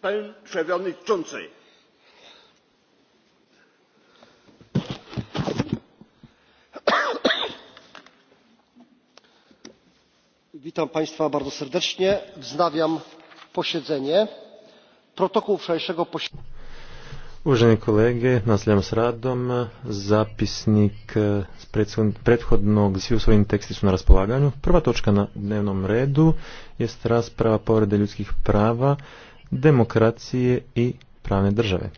panie przewodniczący! witam państwa bardzo serdecznie. wznawiam posiedzenie. protokół wczorajszego posiedzenia. uvaženi kolege nastavljamo s radom. zapisnik e, prethodnog svi u svojim teksti su na raspolaganju. prva točka na dnevnom redu jest rasprava povrede ljudskih prava demokracije i pravne države.